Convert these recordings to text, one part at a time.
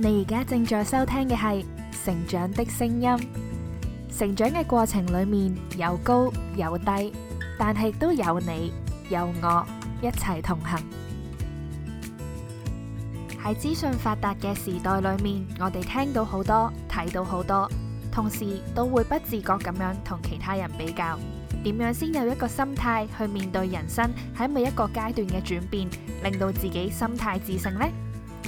你而家正在收聽嘅係《成長的聲音》。成長嘅過程裏面有高有低，但係都有你有我一齊同行。喺 資訊發達嘅時代裏面，我哋聽到好多，睇到好多，同時都會不自覺咁樣同其他人比較。點樣先有一個心態去面對人生喺每一個階段嘅轉變，令到自己心態自勝呢？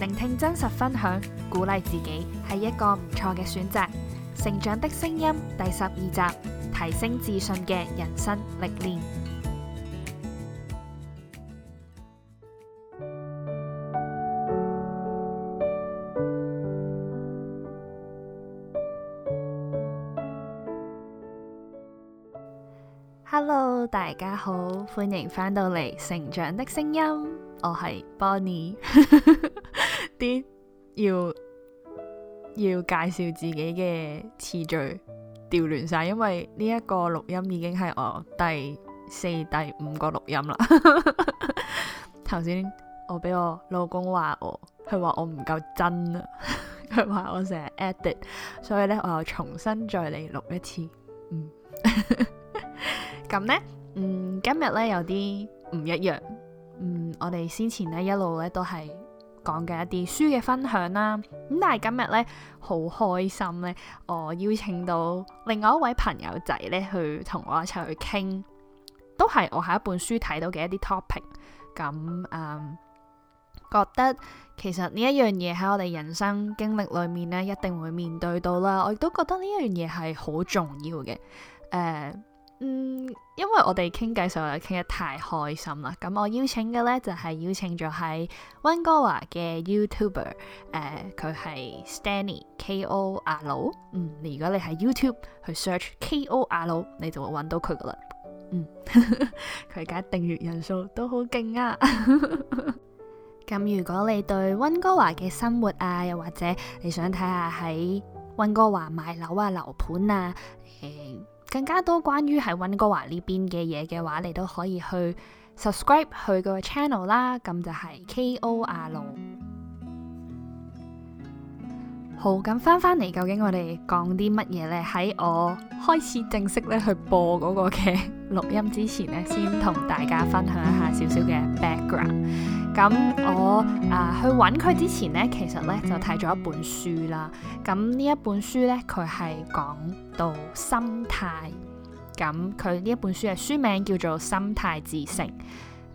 聆聽真實分享，鼓勵自己係一個唔錯嘅選擇。成長的聲音第十二集，提升自信嘅人生歷練。Hello，大家好，歡迎翻到嚟《成長的聲音》，我係 Bonnie。 啲要要介紹自己嘅次序調亂晒，因為呢一個錄音已經係我第四、第五個錄音啦。頭 先 我俾我老公話我，佢話我唔夠真，佢 話我成日 edit，所以咧我又重新再嚟錄一次。嗯，咁咧，嗯，今日呢有啲唔一樣。嗯，我哋先前呢一路呢都係。講嘅一啲書嘅分享啦，咁但係今日呢，好開心呢，我邀請到另外一位朋友仔呢，去同我一齊去傾，都係我喺一本書睇到嘅一啲 topic，咁誒、嗯、覺得其實呢一樣嘢喺我哋人生經歷裏面呢，一定會面對到啦，我亦都覺得呢一樣嘢係好重要嘅，誒、嗯。嗯，因為我哋傾偈時候又傾得太開心啦，咁我邀請嘅呢，就係、是、邀請咗喺溫哥華嘅 YouTuber，誒、呃，佢係 Stanley K O 阿佬，嗯，如果你喺 YouTube 去 search K O 阿佬，R、L, 你就會揾到佢噶啦，嗯，佢而家訂閱人數都好勁啊，咁 如果你對溫哥華嘅生活啊，又或者你想睇下喺溫哥華買樓啊、樓盤啊，誒、嗯。更加多關於喺溫哥華呢邊嘅嘢嘅話，你都可以去 subscribe 去個 channel 啦，咁就係 KO 阿佬。好，咁返返嚟，究竟我哋講啲乜嘢呢？喺我開始正式咧去播嗰個嘅錄音之前呢，先同大家分享一下少少嘅 background。咁我啊去搵佢之前呢，其實呢就睇咗一本書啦。咁呢一本書呢，佢係講到心態。咁佢呢一本書嘅書名叫做《心態自成》。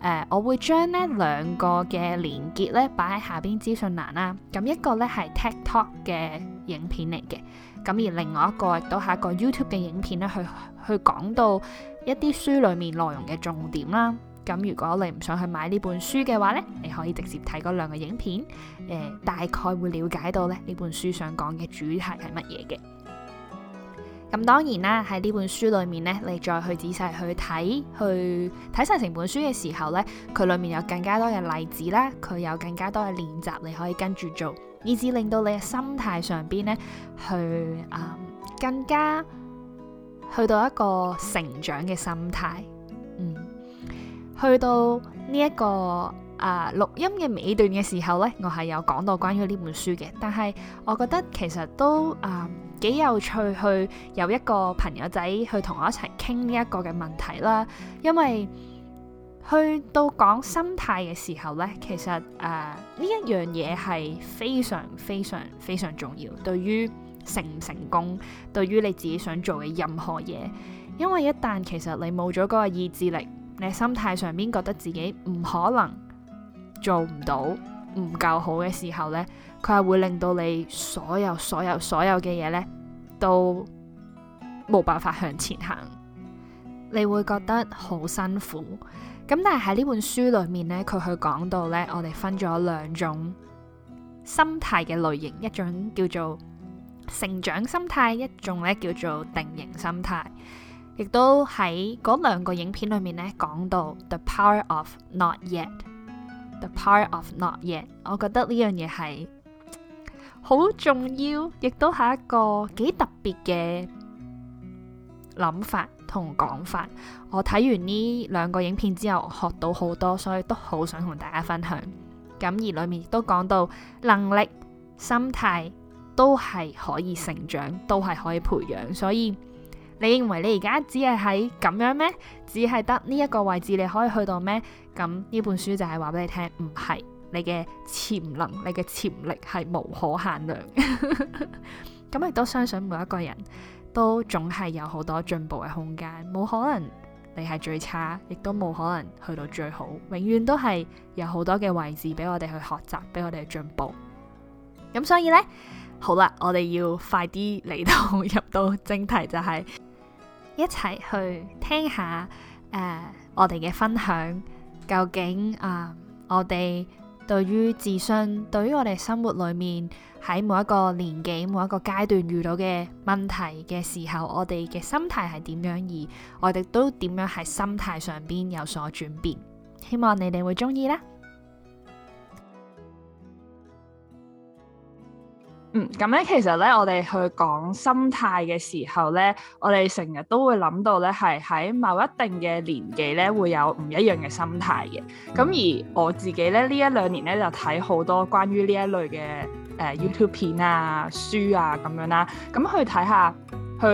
誒、呃，我會將呢兩個嘅連結咧擺喺下邊資訊欄啦。咁一個咧係 TikTok 嘅影片嚟嘅，咁而另外一個亦都係一個 YouTube 嘅影片咧，去去講到一啲書裡面內容嘅重點啦。咁、嗯、如果你唔想去買呢本書嘅話咧，你可以直接睇嗰兩個影片，誒、呃、大概會了解到咧呢本書想講嘅主題係乜嘢嘅。咁當然啦，喺呢本書裏面呢，你再去仔細去睇，去睇晒成本書嘅時候呢，佢裏面有更加多嘅例子啦，佢有更加多嘅練習你可以跟住做，以至令到你嘅心態上邊呢，去啊、嗯、更加去到一個成長嘅心態，嗯，去到呢、這、一個。啊！Uh, 錄音嘅尾段嘅時候呢，我係有講到關於呢本書嘅，但係我覺得其實都啊、uh, 幾有趣，去有一個朋友仔去同我一齊傾呢一個嘅問題啦。因為去到講心態嘅時候呢，其實誒呢、uh, 一樣嘢係非常非常非常重要，對於成唔成功，對於你自己想做嘅任何嘢，因為一旦其實你冇咗嗰個意志力，你心態上面覺得自己唔可能。做唔到，唔夠好嘅時候呢，佢係會令到你所有、所有、所有嘅嘢呢都冇辦法向前行。你會覺得好辛苦咁，但係喺呢本書裏面呢，佢去講到呢，我哋分咗兩種心態嘅類型，一種叫做成長心態，一種呢叫做定型心態。亦都喺嗰兩個影片裏面呢講到《The Power of Not Yet》。The part of not y 我覺得呢樣嘢係好重要，亦都係一個幾特別嘅諗法同講法。我睇完呢兩個影片之後，我學到好多，所以都好想同大家分享。咁而裡面亦都講到能力、心態都係可以成長，都係可以培養，所以。你認為你而家只係喺咁樣咩？只係得呢一個位置你可以去到咩？咁呢本書就係話俾你聽，唔係，你嘅潛能，你嘅潛力係無可限量。咁 亦都相信每一個人都總係有好多進步嘅空間，冇可能你係最差，亦都冇可能去到最好，永遠都係有好多嘅位置俾我哋去學習，俾我哋去進步。咁所以呢，好啦，我哋要快啲嚟到入到正題，就係、是。一齊去聽下誒、呃，我哋嘅分享究竟啊、呃，我哋對於自信，對於我哋生活裏面喺每一個年紀、每一個階段遇到嘅問題嘅時候，我哋嘅心態係點樣，而我哋都點樣喺心態上邊有所轉變。希望你哋會中意啦。嗯，咁咧其實咧，我哋去講心態嘅時候咧，我哋成日都會諗到咧，係喺某一定嘅年紀咧，會有唔一樣嘅心態嘅。咁而我自己咧呢一兩年咧就睇好多關於呢一類嘅誒、呃、YouTube 片啊、書啊咁樣啦、啊，咁去睇下去，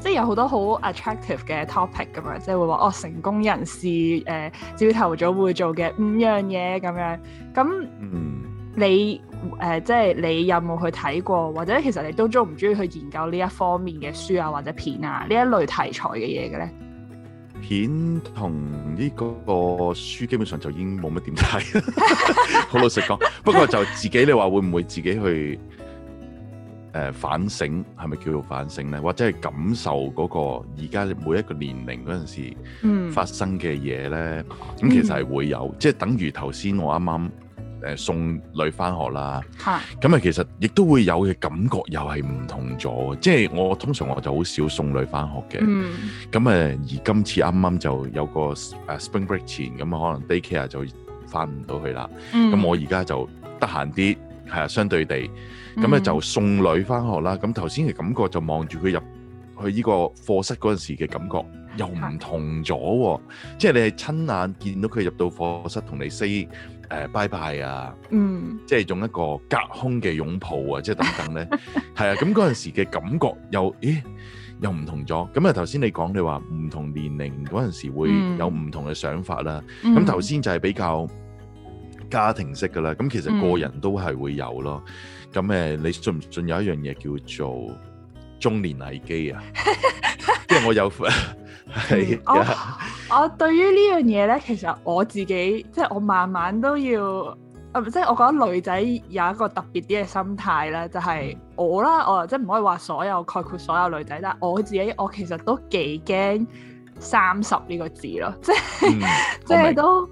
即係有好多好 attractive 嘅 topic 咁樣、啊，即係會話哦，成功人士誒朝頭早會做嘅五樣嘢咁樣。咁嗯，你？誒、呃，即係你有冇去睇過，或者其實你都中唔中意去研究呢一方面嘅書啊，或者片啊呢一類題材嘅嘢嘅咧？片同呢個書基本上就已經冇乜點睇，好 老實講。 不過就自己你話會唔會自己去誒、呃、反省，係咪叫做反省咧？或者係感受嗰個而家，每一個年齡嗰陣時發生嘅嘢咧？咁、嗯嗯、其實係會有，即、就、係、是、等於頭先我啱啱。誒送女翻學啦，咁啊 其實亦都會有嘅感覺，又係唔同咗。即係我通常我就好少送女翻學嘅，咁誒、嗯、而今次啱啱就有個誒 Spring Break 前，咁可能 Daycare 就翻唔到去啦。咁、嗯、我而家就得閒啲，係啊，相對地咁咧就送女翻學啦。咁頭先嘅感覺就望住佢入去依個課室嗰陣時嘅感覺，又唔同咗、哦，即係你係親眼見到佢入到課室同你 say 誒、呃、拜拜啊，嗯，即係用一個隔空嘅擁抱啊，嗯、即係等等咧，係 啊，咁嗰陣時嘅感覺又，咦，又唔同咗。咁啊，頭先你講你話唔同年齡嗰陣時會有唔同嘅想法啦。咁頭先就係比較家庭式噶啦，咁、嗯、其實個人都係會有咯。咁誒、嗯，你信唔信有一樣嘢叫做中年危機啊？因為我有。係、 嗯、我我對於呢樣嘢咧，其實我自己即係我慢慢都要，啊、呃、即係我覺得女仔有一個特別啲嘅心態啦，就係、是、我啦，我即係唔可以話所有概括所有女仔，但係我自己我其實都幾驚三十呢個字咯，即係即係都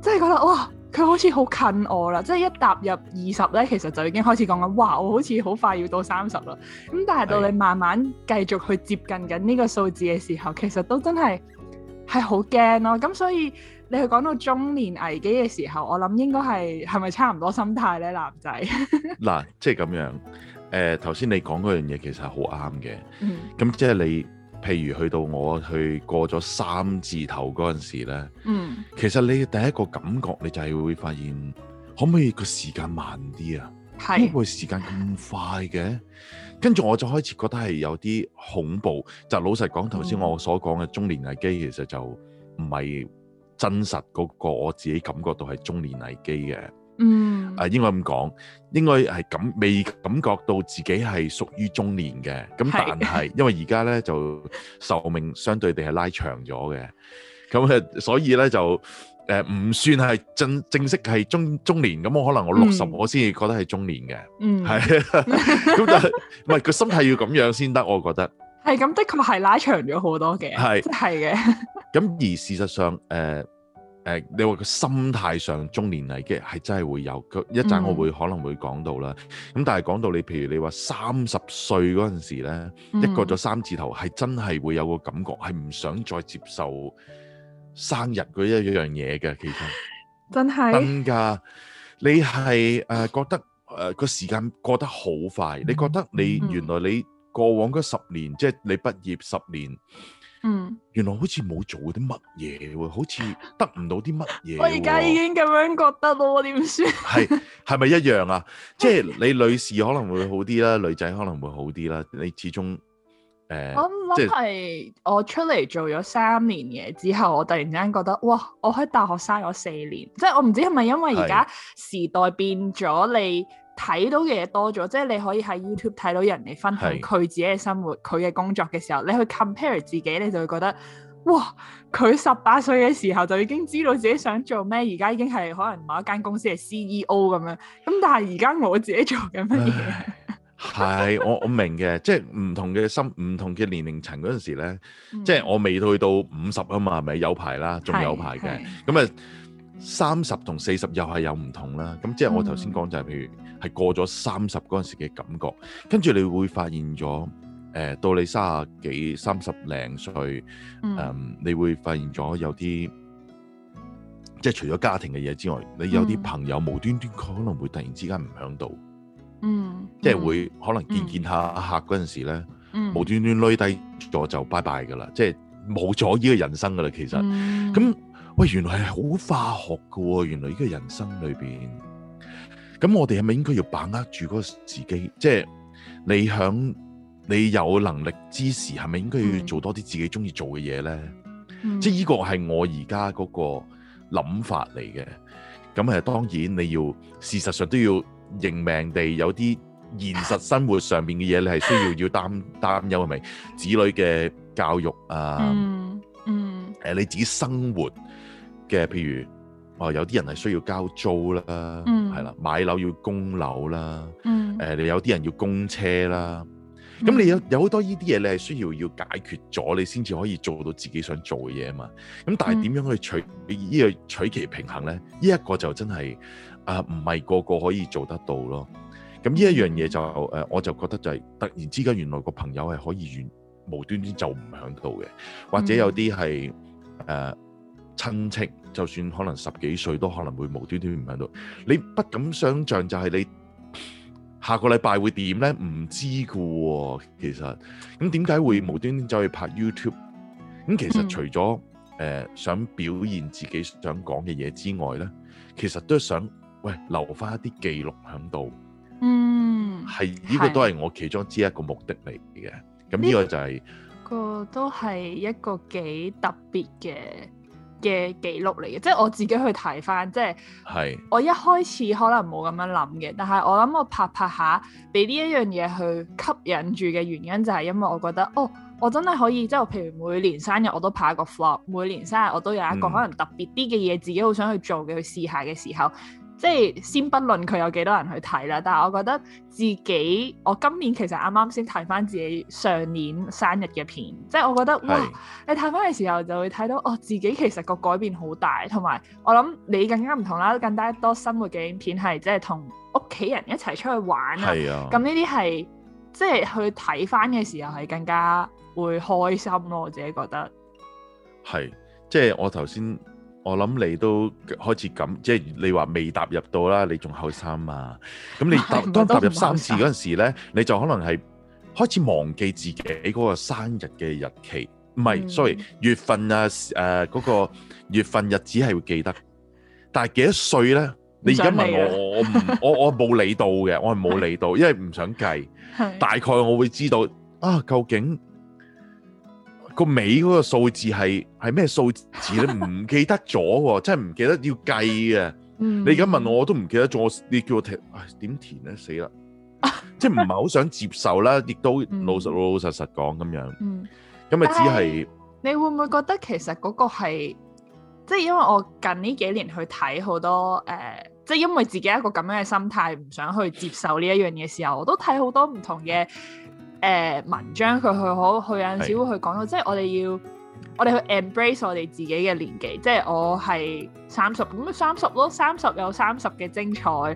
即係覺得哇。佢好似好近我啦，即係一踏入二十咧，其實就已經開始講緊，哇！我好似好快要到三十啦。咁但係到你慢慢繼續去接近緊呢個數字嘅時候，是其實都真係係好驚咯。咁所以你去講到中年危機嘅時候，我諗應該係係咪差唔多心態咧，男仔？嗱， 即係咁樣。誒、呃，頭先你講嗰樣嘢其實係好啱嘅。咁、嗯、即係你。譬如去到我去過咗三字頭嗰陣時咧，嗯、其實你嘅第一個感覺你就係會發現，可唔可以個時間慢啲啊？點解是時間咁快嘅？跟住我就開始覺得係有啲恐怖。就是，老實講，頭先我所講嘅中年危機，其實就唔係真實嗰個我自己感覺到係中年危機嘅。嗯，啊，應該咁講，應該係感未感覺到自己係屬於中年嘅，咁但係因為而家咧就壽命相對地係拉長咗嘅，咁啊，所以咧就誒唔算係正正式係中中年，咁我可能我六十我先至覺得係中年嘅，嗯，係，咁但係唔係個心態要咁樣先得，我覺得係咁的確係拉長咗好多嘅，係係嘅，咁而事實上誒。誒，你話個心態上中年危機係真係會有，佢一陣我會可能會講到啦。咁但係講到你，譬如你話三十歲嗰陣時呢，一過咗三字頭，係真係會有個感覺，係唔想再接受生日嗰一樣嘢嘅。其實真係真噶，你係誒覺得誒個時間過得好快，你覺得你原來你過往嗰十年，即係你畢業十年。嗯，原來好似冇做啲乜嘢喎，好似得唔到啲乜嘢。我而家已經咁樣覺得咯，點算？係係咪一樣啊？ 即係你女士可能會好啲啦，女仔可能會好啲啦。你始終誒，呃、我諗係我出嚟做咗三年嘢之後，我突然間覺得，哇！我喺大學生咗四年，即係我唔知係咪因為而家時代變咗你。睇到嘅嘢多咗，即係你可以喺 YouTube 睇到人哋分享佢自己嘅生活、佢嘅是工作嘅時候，你去 compare 自己，你就會覺得，哇！佢十八歲嘅時候就已經知道自己想做咩，而家已經係可能某一間公司嘅 CEO 咁樣。咁但係而家我自己做緊乜嘢？係我我明嘅， 即係唔同嘅心，唔同嘅年齡層嗰陣時咧，嗯、即係我未去到五十啊嘛，係咪有排啦，仲有排嘅。咁啊，三十同四十又係有唔同啦。咁即係我頭先講就係譬如。嗯係過咗三十嗰陣時嘅感覺，跟住你會發現咗，誒、呃，到你卅幾三十零歲，嗯，嗯，你會發現咗有啲，即係除咗家庭嘅嘢之外，你有啲朋友、嗯、無端端可能會突然之間唔響度，嗯，即係會可能見見下客嗰陣時咧，嗯、無端端累低咗就拜拜噶啦，即係冇咗呢個人生噶啦，其實，咁、嗯，喂，原來係好化學噶，原來呢個人生裏邊。咁我哋係咪應該要把握住嗰個時機？即係你響你有能力之時，係咪應該要做多啲自己中意做嘅嘢咧？嗯、即係呢個係我而家嗰個諗法嚟嘅。咁啊，當然你要事實上都要認命地有啲現實生活上面嘅嘢，你係需要要擔擔憂係咪？子女嘅教育啊，嗯，誒、嗯啊，你自己生活嘅譬如。哦，有啲人係需要交租啦，係、嗯、啦，買樓要供樓啦，誒、嗯，你、呃、有啲人要供車啦，咁、嗯、你有有好多呢啲嘢，你係需要要解決咗，你先至可以做到自己想做嘅嘢啊嘛。咁但係點樣去取呢、嗯、個取其平衡咧？呢、這、一個就真係啊，唔、呃、係個個可以做得到咯。咁呢一樣嘢就誒、呃，我就覺得就係突然之間，原來個朋友係可以完無端端，端就唔響度嘅，或者有啲係誒親戚。呃親戚就算可能十幾歲都可能會無端端唔喺度，你不敢想象，就係你下個禮拜會點咧？唔知噶、哦，其實咁點解會無端端走去拍 YouTube？咁其實除咗誒、嗯、呃、想表現自己想講嘅嘢之外咧，其實都係想喂留翻一啲記錄喺度。嗯，係呢、這個都係我其中之一個目的嚟嘅。咁呢個就係、是嗯這個都係一個幾特別嘅。嘅記錄嚟嘅，即係我自己去睇翻，即係我一開始可能冇咁樣諗嘅，是但係我諗我拍拍下，俾呢一樣嘢去吸引住嘅原因，就係因為我覺得，哦，我真係可以，即係譬如每年生日我都拍一個 Vlog，每年生日我都有一個可能特別啲嘅嘢，自己好想去做嘅，嗯、去試下嘅時候。即係先不論佢有幾多人去睇啦，但係我覺得自己，我今年其實啱啱先睇翻自己上年生日嘅片，即係我覺得哇，是你睇翻嘅時候就會睇到哦，自己其實個改變好大，同埋我諗你更加唔同啦，更加多生活嘅影片係即係同屋企人一齊出去玩啊，咁呢啲係即係去睇翻嘅時候係更加會開心咯，我自己覺得係即係我頭先。我諗你都開始咁，即係你話未踏入到啦，你仲後生嘛？咁你當踏入三十嗰陣時咧，你就可能係開始忘記自己嗰個生日嘅日期。唔係，sorry，月份啊誒嗰個月份日子係會記得，但係幾多歲咧？你而家問我，我唔，我我冇理到嘅，我係冇理到，因為唔想計。大概我會知道啊，究竟，個尾嗰個數字係係咩數字咧？唔記得咗喎， 真係唔記得要計嘅。嗯、你而家問我我都唔記得咗，你叫我填、唉、點填咧？死啦！ 即係唔係好想接受啦？亦都老實老、嗯、老實老實講咁樣。咁咪、嗯、只係你會唔會覺得其實嗰個係即係因為我近呢幾年去睇好多誒，即、呃、係、即係、因為自己一個咁樣嘅心態，唔想去接受呢一樣嘢時候，我都睇好多唔同嘅。 誒、呃、文章佢去好，佢有陣時會去講到，是即係我哋要，我哋去 embrace 我哋自己嘅年紀，即係我係三十，咁三十咯，三十有三十嘅精彩，誒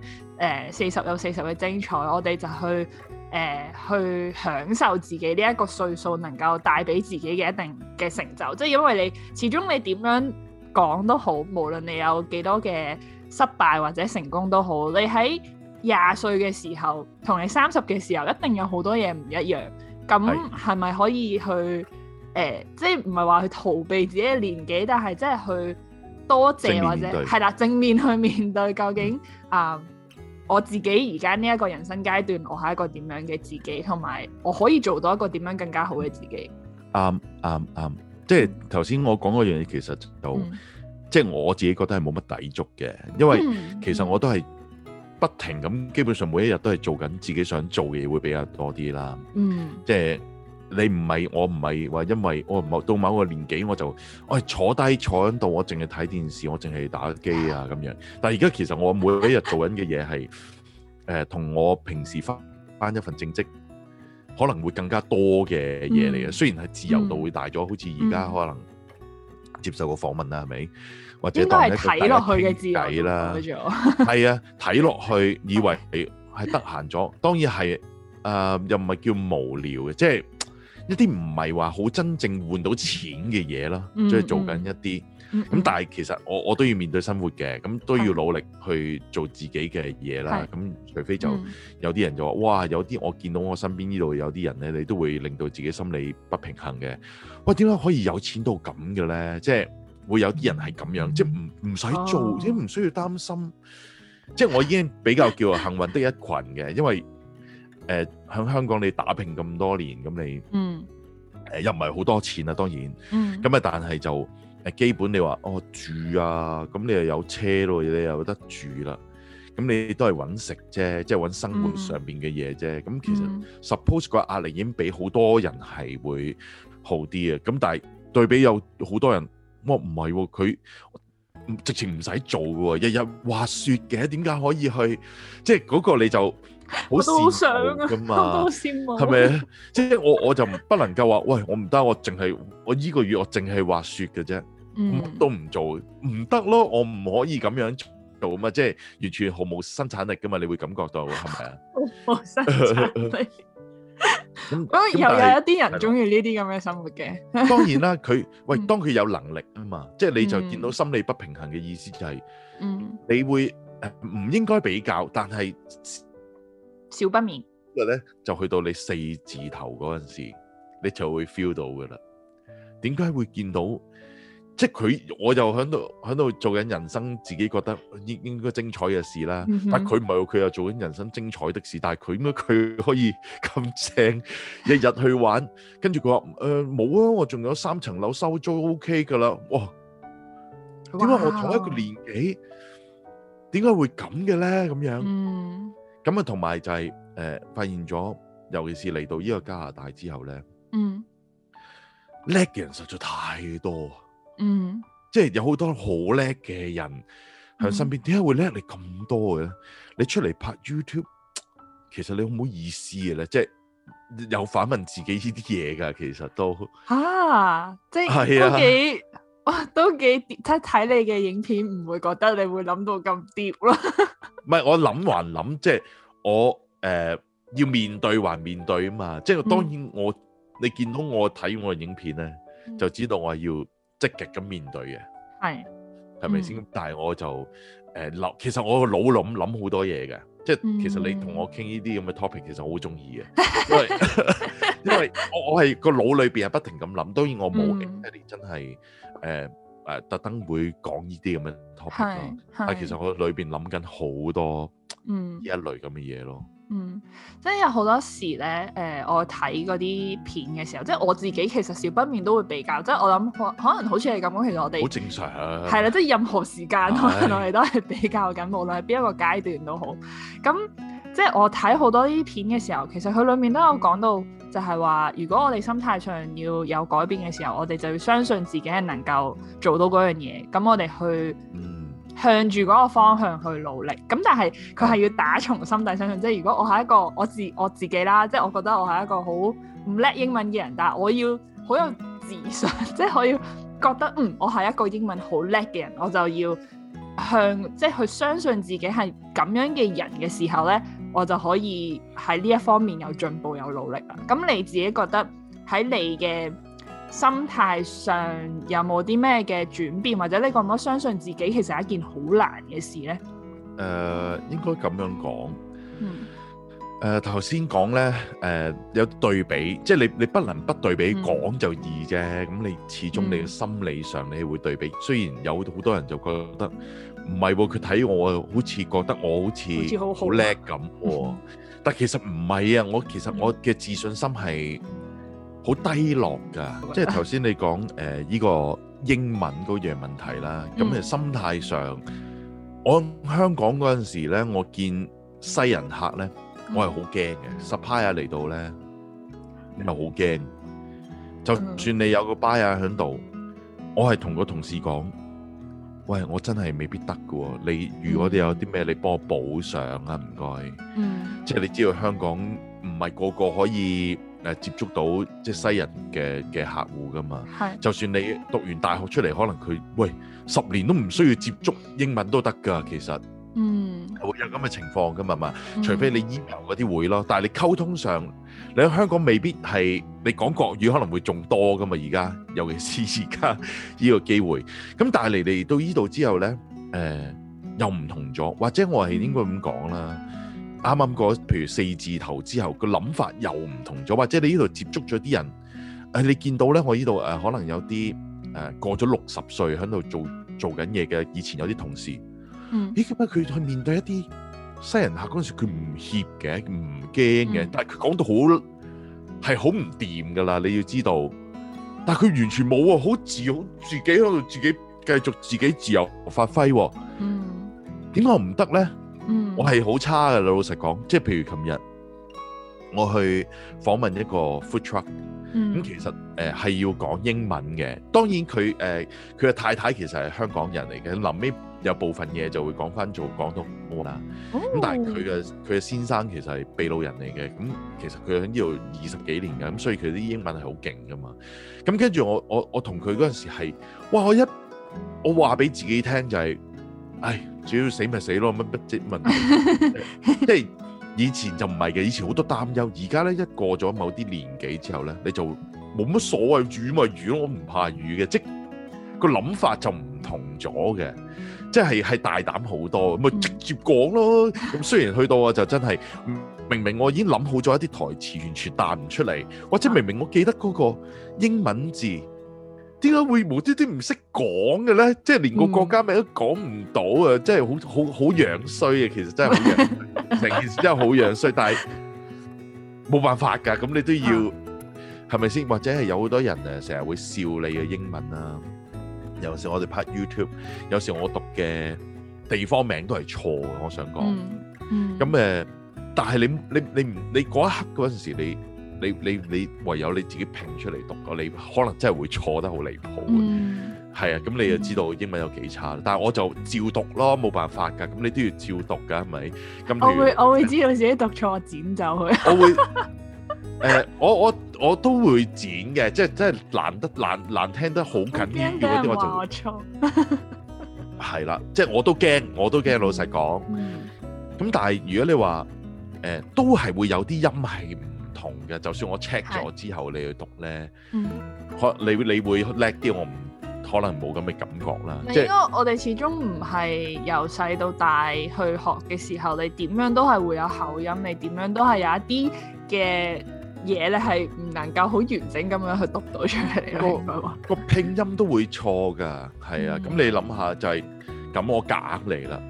四十有四十嘅精彩，我哋就去誒、呃、去享受自己呢一個歲數能夠帶俾自己嘅一定嘅成就，即係因為你始終你點樣講都好，無論你有幾多嘅失敗或者成功都好，你喺，廿歲嘅時候同你三十嘅時候，一定有好多嘢唔一樣。咁係咪可以去誒的、呃？即係唔係話去逃避自己嘅年紀，但係即係去多謝或者係啦，正面去面對究竟啊、嗯呃，我自己而家呢一個人生階段，我係一個點樣嘅自己，同埋我可以做到一個點樣更加好嘅自己。啱啱啱，即係頭先我講嗰樣嘢，其實都、就是，即係、嗯、我自己覺得係冇乜抵觸嘅，因為、嗯、其實我都係。不停咁，基本上每一日都係做緊自己想做嘅嘢，會比較多啲啦。嗯，即係你唔係我唔係話，因為我唔係到某個年紀我就我係、哎、坐低坐喺度，我淨係睇電視，我淨係打機啊，咁樣。但係而家其實我每一日做緊嘅嘢係，誒同我平時返返一份正職可能會更加多嘅嘢嚟嘅。嗯、雖然係自由度會大咗，嗯、好似而家可能接受個訪問啦，係咪、嗯？嗯是或者當係睇落去嘅自己，啦，係 啊，睇落去以為係係得閒咗，當然係誒、呃，又唔係叫無聊嘅，即係一啲唔係話好真正換到錢嘅嘢啦，即係、嗯、做緊一啲咁，嗯嗯、但係其實我我都要面對生活嘅，咁都要努力去做自己嘅嘢啦。咁、嗯、除非就、嗯、有啲人就話：哇，有啲我見到我身邊呢度有啲人咧，你都會令到自己心理不平衡嘅。喂，點解可以有錢到咁嘅咧？即係。會有啲人係咁樣，嗯、即係唔唔使做，哦、即唔需要擔心。即係我已經比較叫幸運的一群嘅，因為誒喺、呃、香港你打拼咁多年，咁你嗯誒又唔係好多錢啊，當然嗯咁啊，但係就誒基本你話哦住啊，咁你又有車咯，你又有得住啦。咁你都係揾食啫，即係揾生活上面嘅嘢啫。咁、嗯、其實、嗯嗯、suppose 個壓力已經比好多人係會好啲嘅。咁但係對比有好多人。我唔係喎，佢、哦哦、直情唔使做嘅喎，日日滑雪嘅，點解可以去？即係嗰個你就好想啊嘛，係咪？即係我我就不能夠話，喂，我唔得，我淨係我依個月我淨係滑雪嘅啫，嗯、乜都唔做，唔得咯，我唔可以咁樣做啊嘛，即係完全毫無生產力嘅嘛，你會感覺到係咪啊？冇生產力。 咁，不過又有一啲人中意呢啲咁嘅生活嘅。當然啦，佢喂，當佢有能力啊嘛，即係你就見到心理不平衡嘅意思就係，嗯，你會誒唔應該比較，但係少不免。咁咧就去到你四字頭嗰陣時，你就會 feel 到㗎喇。點解會見到？即係佢，我又喺度喺度做緊人生自己覺得應應該精彩嘅事啦。Mm hmm. 但係佢唔係佢又做緊人生精彩的事。但係佢點解佢可以咁正，日日去玩？ 跟住佢話：誒、呃、冇啊，我仲有三層樓收租 OK 㗎啦。哇！點解我同一個年紀，點解 Wow. 會咁嘅咧？咁樣咁啊，同埋、mm hmm. 就係、是、誒、呃、發現咗，尤其是嚟到呢個加拿大之後咧，叻嘅、mm hmm. 人實在太多。嗯，即係有好多好叻嘅人喺身邊，點解、嗯、會叻你咁多嘅咧？你出嚟拍 YouTube，其實你好唔好意思嘅咧？即係有反問自己呢啲嘢噶，其實都啊，即係都幾、啊、都幾睇睇你嘅影片，唔會覺得你會諗到咁 deep 咯。唔 係我諗還諗，即係我誒、呃、要面對還面對啊嘛。即係當然我、嗯、你見到我睇我嘅影片咧，就知道我係要。積極咁面對嘅，係係咪先？吧嗯、但係我就誒諗、呃，其實我個腦諗諗好多嘢嘅，即係其實你同我傾呢啲咁嘅 topic，其實我好中意嘅，嗯、因為 因為我我係個腦裏邊係不停咁諗，當然我冇一啲真係誒誒特登會講呢啲咁嘅 topic，但其實我裏邊諗緊好多呢一類咁嘅嘢咯。嗯，即係有好多時咧，誒、呃，我睇嗰啲片嘅時候，即係我自己其實少不免都會比較，即係我諗可可能好似你咁講，其實我哋好正常係、啊、啦，即係任何時間唉我哋都係比較緊，無論係邊一個階段都好。咁即係我睇好多啲片嘅時候，其實佢裏面都有講到就，就係話如果我哋心態上要有改變嘅時候，我哋就要相信自己係能夠做到嗰樣嘢。咁我哋去、嗯。向住嗰個方向去努力，咁但係佢係要打從心底相信，即係如果我係一個我自我自己啦，即係我覺得我係一個好唔叻英文嘅人，但係我要好有自信，即係可以覺得嗯，我係一個英文好叻嘅人，我就要向即係去相信自己係咁樣嘅人嘅時候呢，我就可以喺呢一方面有進步有努力啦。咁你自己覺得喺你嘅心態上有冇啲咩嘅轉變，或者你覺唔覺得相信自己，其實係一件好難嘅事呢？誒，應該咁樣講。嗯。誒，頭先講呢，誒有對比，即係你你不能不對比講就易啫。咁你始終你嘅心理上你會對比。雖然有好多人就覺得唔係喎，佢睇我好似覺得我好似好似好好叻咁喎。但其實唔係啊，我其實我嘅自信心係好低落噶，即係頭先你講誒，依、呃這個英文嗰樣問題啦。咁其實心態上，嗯、我香港嗰陣時咧，我見西人客咧，我係好驚嘅。十派 a 啊嚟到咧，你咪好驚。就算你有個派 a 啊喺度，嗯、我係同個同事講，喂，我真係未必得嘅。你如果你有啲咩，嗯、你幫我補償啊，唔該。嗯，即係你知道香港唔係個個可以。誒、啊、接觸到即係西人嘅嘅客戶噶嘛，係是就算你讀完大學出嚟，可能佢喂十年都唔需要接觸英文都得㗎，其實，嗯，係會有咁嘅情況㗎嘛嘛、嗯，除非你 email 嗰啲會咯，但係你溝通上，你喺香港未必係你講國語可能會仲多㗎嘛，而家尤其是而家呢個機會，咁但係嚟嚟到呢度之後咧，誒、呃、又唔同咗，或者我係應該咁講啦。啱啱過，譬如四字頭之後個諗法又唔同咗，或者你呢度接觸咗啲人，誒、啊，你見到咧，我呢度誒，可能有啲誒、呃、過咗六十歲喺度做做緊嘢嘅，以前有啲同事，嗯，咦咁佢去面對一啲西人客嗰陣時，佢唔怯嘅，唔驚嘅，嗯、但係佢講到好係好唔掂噶啦，你要知道，但係佢完全冇啊，好自，自，自，自己喺度自己繼續自己自由發揮，嗯，嗯，點解我唔得咧？我係好差嘅，老老實講，即係譬如琴日我去訪問一個 food truck，咁、嗯嗯嗯、其實誒係、呃、要講英文嘅。當然佢誒佢嘅太太其實係香港人嚟嘅，臨尾有部分嘢就會講翻做廣東話啦。咁、嗯、但係佢嘅佢嘅先生其實係秘魯人嚟嘅，咁、嗯、其實佢喺呢度二十幾年嘅，咁所以佢啲英文係好勁噶嘛。咁、嗯嗯嗯、跟住我我我同佢嗰陣時係，哇！我一我話俾自己聽就係、是。唉，主要死咪死咯，乜乜 即問題，即係以前就唔係嘅，以前好多擔憂，而家咧一過咗某啲年紀之後咧，你就冇乜所謂瘀咪瘀咯，我唔怕瘀嘅，即個諗法就唔同咗嘅，即係係大膽好多，咪直接講咯。咁、嗯、雖然去到我就真係，明明我已經諗好咗一啲台詞，完全彈唔出嚟，或者明明我記得嗰個英文字。點解會無端端唔識講嘅咧？即係連個國家名都講唔到啊！即係好好好樣衰啊！其實真係好樣衰，成件事真係好樣衰。但係冇辦法㗎，咁你都要係咪先？或者係有好多人誒，成日會笑你嘅英文啊！有時我哋拍 YouTube，有時我讀嘅地方名都係錯嘅。我想講，咁誒，但係你你你唔你嗰一刻嗰陣時你。你你你唯有你自己拼出嚟讀咯，你可能真係會錯得好離譜，係啊、嗯，咁你就知道英文有幾差。但係我就照讀咯，冇辦法噶，咁你都要照讀噶，係咪？我會要我會知道自己讀錯，剪走佢。我會，誒、 呃，我我我都會剪嘅，即係真係難得難難聽得好緊要啲，我，我，錯我就係啦， 即係我都驚，我都驚老實講。咁、嗯、 但係如果你話誒，都係會有啲音係。同嘅，就算我 check 咗之後，你去讀咧，可你你會叻啲，我唔可能冇咁嘅感覺啦。即係因為我哋始終唔係由細到大去學嘅時候，你點樣都係會有口音，你點樣都係有一啲嘅嘢咧，你係唔能夠好完整咁樣去讀到出嚟咯。個拼音都會錯㗎，係啊，咁你諗下就係咁，我夾硬嚟啦，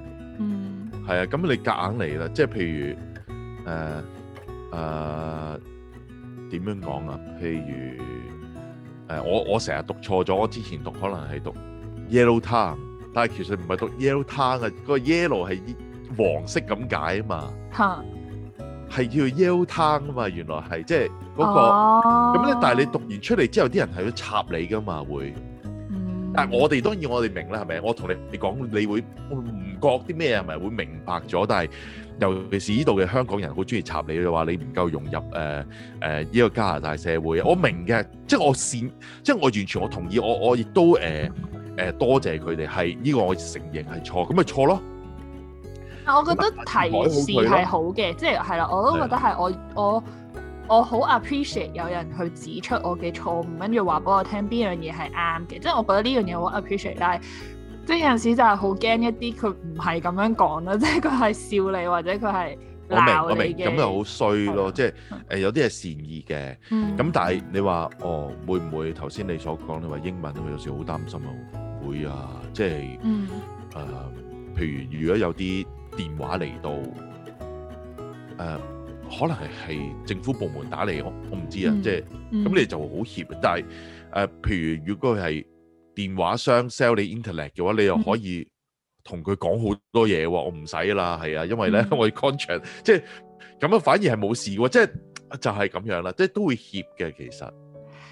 係啊，咁你夾硬嚟啦，即係譬如誒。誒，點樣講啊？譬如誒，我我成日讀錯咗，我之前讀可能係讀 yellow town，但係其實唔係讀 yellow town 啊，個 yellow 係黃色咁解啊嘛，係叫 Yaletown 啊嘛，原來係即係嗰個咁咧，但係你讀完出嚟之後，啲人係要插你噶嘛會。但係我哋當然我哋明啦，係咪？我同你你講，你會唔覺啲咩係咪？會明白咗，但係尤其是呢度嘅香港人好鍾意插你，嘅話你唔夠融入誒誒呢個加拿大社會。我明嘅，即係我善，即係我完全我同意，我我亦都誒誒多謝佢哋係呢個，我承認係錯，咁咪錯咯。但係我覺得提示係好嘅，即係係啦，我都覺得係我我。我好 appreciate 有人去指出我嘅錯誤，跟住話俾我聽邊樣嘢係啱嘅，即係我覺得呢樣嘢好 appreciate，但係即係有陣時就係好驚一啲佢唔係咁樣講咯，即係佢係笑你或者佢係鬧你嘅。我明，我明，咁又好衰咯，的即係誒、呃、有啲係善意嘅，咁、嗯、但係你話哦會唔會頭先你所講你話英文，我有時好擔心啊，會啊，即係誒、嗯呃、譬如如果有啲電話嚟到誒。呃可能係政府部門打嚟，我我唔知啊，嗯、即係咁、嗯、你就好怯。但係誒、呃，譬如如果係電話商 sell 你 internet 嘅話，嗯、你又可以同佢講好多嘢，我唔使啦，係啊，因為咧、嗯、我 contract，即係咁啊，樣反而係冇事喎。即係就係、係、咁樣啦，即係都會怯嘅其實。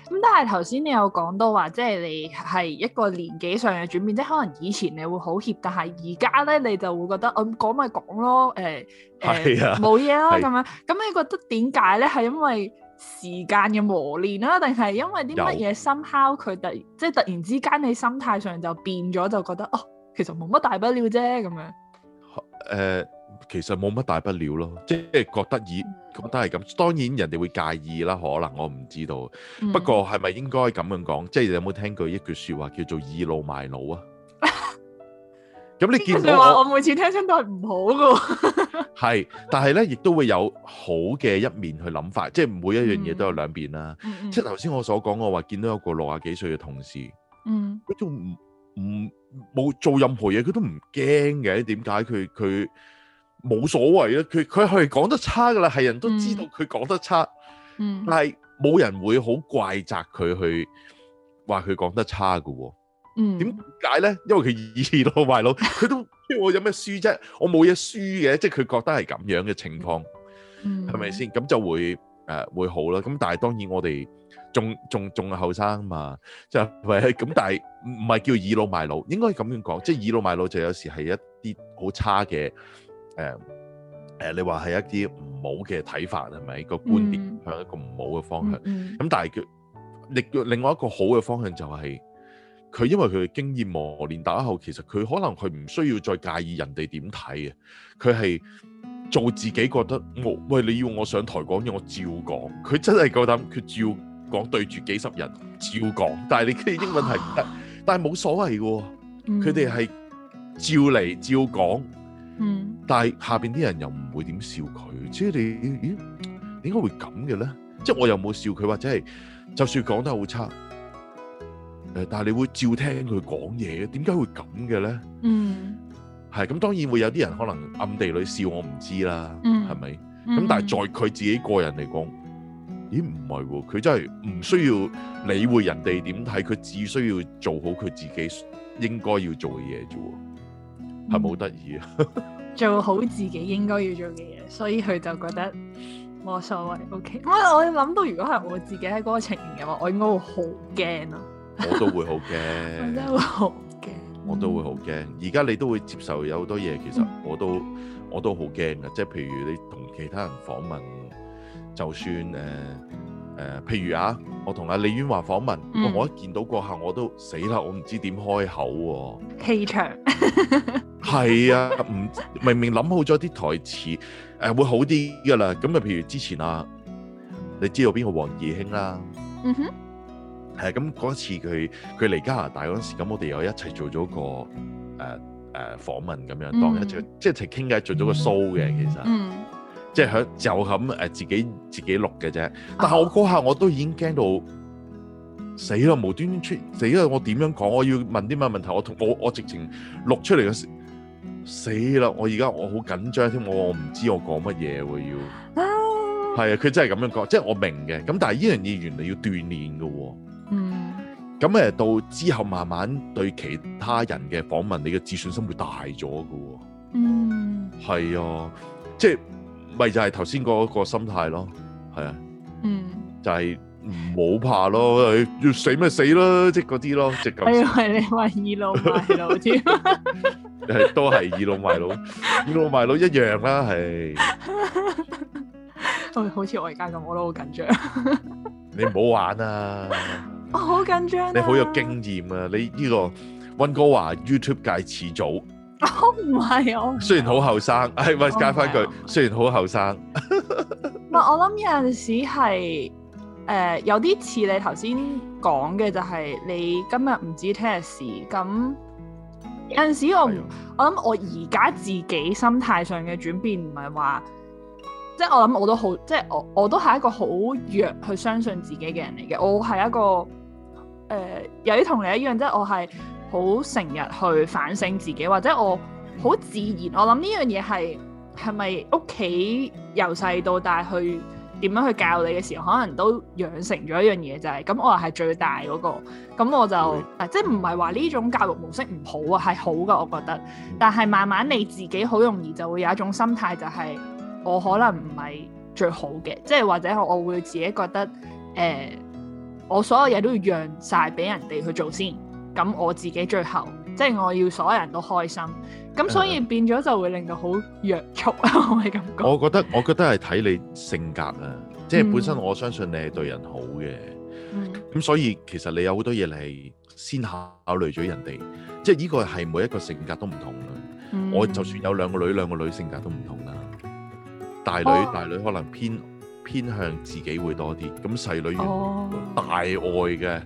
咁但係頭先你有講到話，即係你係一個年紀上嘅轉變，即係可能以前你會好怯，但係而家咧你就會覺得，我、嗯、講咪講咯，誒誒冇嘢啦咁樣。咁你覺得點解咧？係因為時間嘅磨練啦、啊，定係因為啲乜嘢 somehow 佢突然，有即係突然之間你心態上就變咗，就覺得哦，其實冇乜大不了啫咁樣。誒、呃。其實冇乜大不了咯，即係覺得以覺得係咁，當然人哋會介意啦。可能我唔知道，不過係咪應該咁樣講？即係你有冇聽過一句說話叫做倚老賣老啊？咁你見到我，我每次聽親都係唔好噶。係，但係咧，亦都會有好嘅一面去諗法。即係每一樣嘢都有兩面啦。即係頭先我所講我話，見到一個六啊幾歲嘅同事，嗯，佢仲唔唔冇做任何嘢，佢都唔驚嘅。點解？佢佢？冇所謂啦，佢佢係講得差噶啦，係人都知道佢講得差，嗯、但係冇人會好怪責佢去話佢講得差噶喎、哦。點解咧？因為佢倚老賣老，佢都即我有咩輸啫，我冇嘢輸嘅，即係佢覺得係咁樣嘅情況，係咪先？咁就會誒、呃、會好啦。咁但係當然我哋仲仲仲後生嘛，就係唔咁但係唔係叫倚老賣老，應該咁樣講，即係倚老賣老就有時係一啲好差嘅。誒誒、嗯嗯，你話係一啲唔好嘅睇法係咪？是是個觀點向一個唔好嘅方向。咁、嗯嗯嗯嗯、但係佢另另外一個好嘅方向就係、是，佢因為佢嘅經驗磨練打後，其實佢可能佢唔需要再介意人哋點睇嘅，佢係做自己覺得我喂，你要我上台講嘢我照講，佢真係夠膽佢照講，對住幾十人照講，但係你佢英文係唔得，但係冇所謂嘅，佢哋係照嚟照講。嗯，但係下邊啲人又唔會點笑佢，即係你咦，點解會咁嘅咧？即係我又冇笑佢，或者係就算講得好差，誒，但係你會照聽佢講嘢，點解會咁嘅咧？嗯，係咁，當然會有啲人可能暗地裏笑我唔知啦，嗯，係咪？咁但係在佢自己個人嚟講，咦，唔係喎，佢真係唔需要理會人哋點睇，佢只需要做好佢自己應該要做嘅嘢啫。係冇得意啊！是是 做好自己應該要做嘅嘢，所以佢就覺得冇所謂。OK，我我諗到，如果係我自己喺嗰個情形嘅話，我應該會好驚啊。 我都會好驚， 真係好驚。我都會好驚。而家 你都會接受有好多嘢，其實我都 我都好驚啊。即係譬如你同其他人訪問，就算誒。Uh, 誒、呃，譬如啊，我同阿李婉華訪問、嗯哦，我一見到個客我都死啦，我唔知點開口喎、啊。氣場係 啊，唔明明諗好咗啲台詞，誒、呃、會好啲噶啦。咁啊，譬如之前啊，你知道邊個黃義興啦、啊？嗯哼，係啊。咁嗰次佢佢嚟加拿大嗰陣時，咁我哋又一齊做咗個誒誒、呃呃、訪問咁樣，當一即係、嗯、一齊傾偈做咗個 show 嘅，其實。嗯即係響就咁，誒、呃，自己自己錄嘅啫。但係我嗰下我都已經驚到、oh. 死咯，無端端出死咯！我點樣講？我要問啲咩問題？我同我我直情錄出嚟嘅時死啦！我而家我好緊張添，我我唔知我講乜嘢要。係啊、oh.，佢真係咁樣講，即係我明嘅。咁但係呢樣嘢原嚟要鍛煉㗎喎。嗯。咁誒，到之後慢慢對其他人嘅訪問，你嘅自信心會大咗㗎、哦。嗯。係啊，即係。咪就係頭先嗰個心態咯，係啊，嗯，就係唔好怕咯，要死咪死咯，即係嗰啲咯，即係咁。係啊，係你話倚老賣老添，係都係倚老賣老，倚老賣老一樣啦，係。唉，好似我而家咁，我都好緊張。你唔好玩啊！我好緊張，你好有經驗啊！你呢個溫哥華 YouTube 界始祖。我唔係、呃就是、我，雖然好後生，係喂加翻句，雖然好後生。唔係我諗有陣時係誒，有啲似你頭先講嘅，就係你今日唔知聽日嘅事。咁有陣時我我諗我而家自己心態上嘅轉變，唔係話即係我諗我都好，即、就、係、是、我我都係一個好弱去相信自己嘅人嚟嘅。我係一個誒、呃、有啲同你一樣，即、就、係、是、我係。好成日去反省自己，或者我好自然，我諗呢樣嘢係係咪屋企由細到大去點樣去教你嘅時候，可能都養成咗一樣嘢就係、是，咁我係最大嗰、那個，咁我就、mm hmm. 啊、即係唔係話呢種教育模式唔好啊，係好嘅，我覺得。但係慢慢你自己好容易就會有一種心態、就是，就係我可能唔係最好嘅，即係或者我會自己覺得誒、呃，我所有嘢都要讓晒俾人哋去做先。咁我自己最後，即係我要所有人都開心，咁所以變咗就會令到好約束啊！我係咁講。我覺得我覺得係睇你性格啊，即係本身我相信你係對人好嘅，咁所以其實你有好多嘢你係先考慮咗人哋，即係呢個係每一個性格都唔同啦。我就算有兩個女，兩個女性格都唔同啦。大女大女可能偏偏向自己會多啲，咁細女大愛嘅。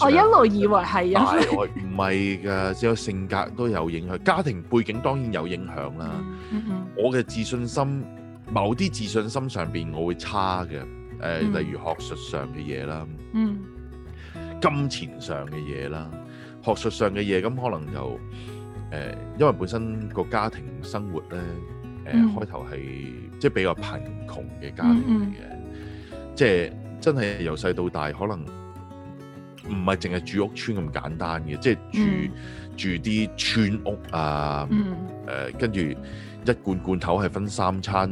我一路以為係啊，唔係㗎，只有性格都有影響，家庭背景當然有影響啦。嗯嗯、我嘅自信心，某啲自信心上邊，我會差嘅。誒、呃，嗯、例如學術上嘅嘢啦，嗯，金錢上嘅嘢啦，學術上嘅嘢，咁可能就誒、呃，因為本身個家庭生活咧，誒開頭係即係比較貧窮嘅家庭嚟嘅，即係、嗯嗯、真係由細到大可能。唔係淨係住屋邨咁簡單嘅，即係住、mm. 住啲村屋啊，誒、mm. 啊，跟住一罐罐頭係分三餐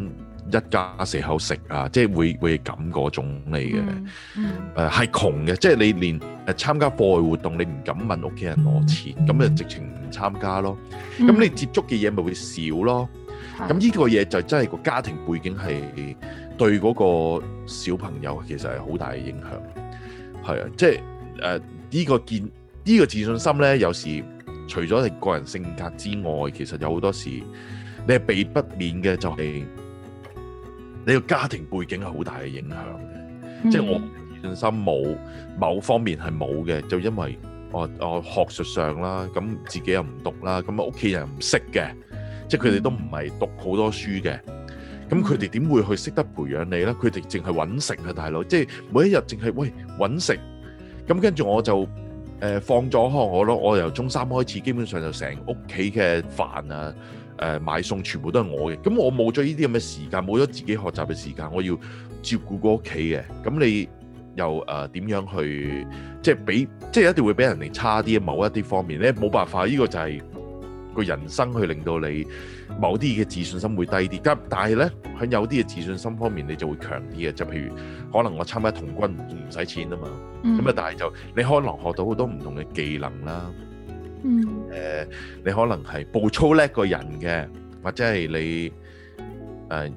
一家四口食啊，即係會會咁嗰種嚟嘅。誒係、mm. mm. 啊、窮嘅，即係你連誒參加課外活動，你唔敢問屋企人攞錢，咁、mm. 就直情唔參加咯。咁、mm. 你接觸嘅嘢咪會少咯。咁呢、mm. 個嘢就真係個家庭背景係對嗰個小朋友其實係好大嘅影響。係啊，即係。誒，呢、呃這個見呢、這個自信心呢，有時除咗係個人性格之外，其實有好多時你係避不免嘅，就係你個家庭背景係好大嘅影響、嗯、即係我自信心冇某方面係冇嘅，就因為我我學術上啦，咁自己又唔讀啦，咁屋企人唔識嘅，即係佢哋都唔係讀好多書嘅，咁佢哋點會去識得培養你呢？佢哋淨係揾食啊，大佬！即係每一日淨係喂揾食。咁跟住我就誒、呃、放咗學我咯，我由中三開始基本上就成屋企嘅飯啊、誒、呃、買餸全部都係我嘅，咁、嗯、我冇咗呢啲咁嘅時間，冇咗自己學習嘅時間，我要照顧個屋企嘅，咁、嗯、你又誒點、呃、樣去即係俾即係一定會比人哋差啲某一啲方面咧，冇辦法，呢、這個就係、是。個人生去令到你某啲嘅自信心會低啲，咁但係咧喺有啲嘅自信心方面，你就會強啲嘅。就譬如可能我參加童軍唔使錢啊嘛，咁啊、嗯，但係就你可能學到好多唔同嘅技能啦。嗯，誒、呃，你可能係步操叻個人嘅，或者係你誒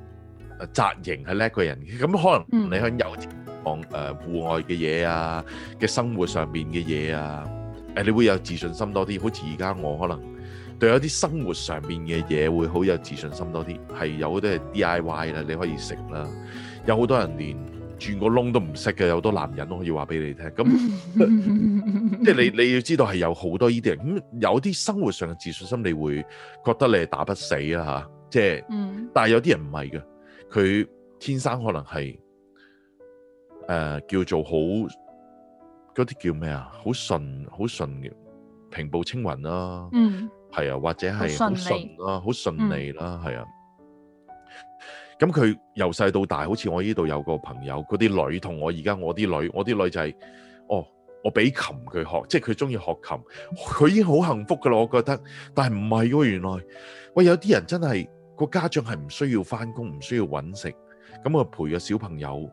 紮營係叻個人，嘅、嗯。咁、嗯、可能你喺有項誒戶外嘅嘢啊嘅生活上面嘅嘢啊，誒、呃，你會有自信心多啲。好似而家我可能。對有啲生活上面嘅嘢會好有自信心多啲，係有啲係 DIY 啦，你可以食啦。有好多人連轉個窿都唔識嘅，有好多男人都可以話俾你聽。咁即係你你要知道係有好多呢啲人，咁有啲生活上嘅自信心，你會覺得你係打不死啊吓，即係，嗯，但係有啲人唔係嘅，佢天生可能係誒，呃，叫做好嗰啲叫咩啊？好純好純嘅平步青雲啦。係啊，或者係好順啦，好順、嗯、利啦，係啊。咁佢由細到大，好似我呢度有個朋友，佢啲女同我而家我啲女，我啲女就係、是、哦，我俾琴佢學，即係佢中意學琴，佢已經好幸福噶啦。我覺得，但係唔係喎，原來喂有啲人真係個家長係唔需要返工，唔需要揾食，咁啊陪個小朋友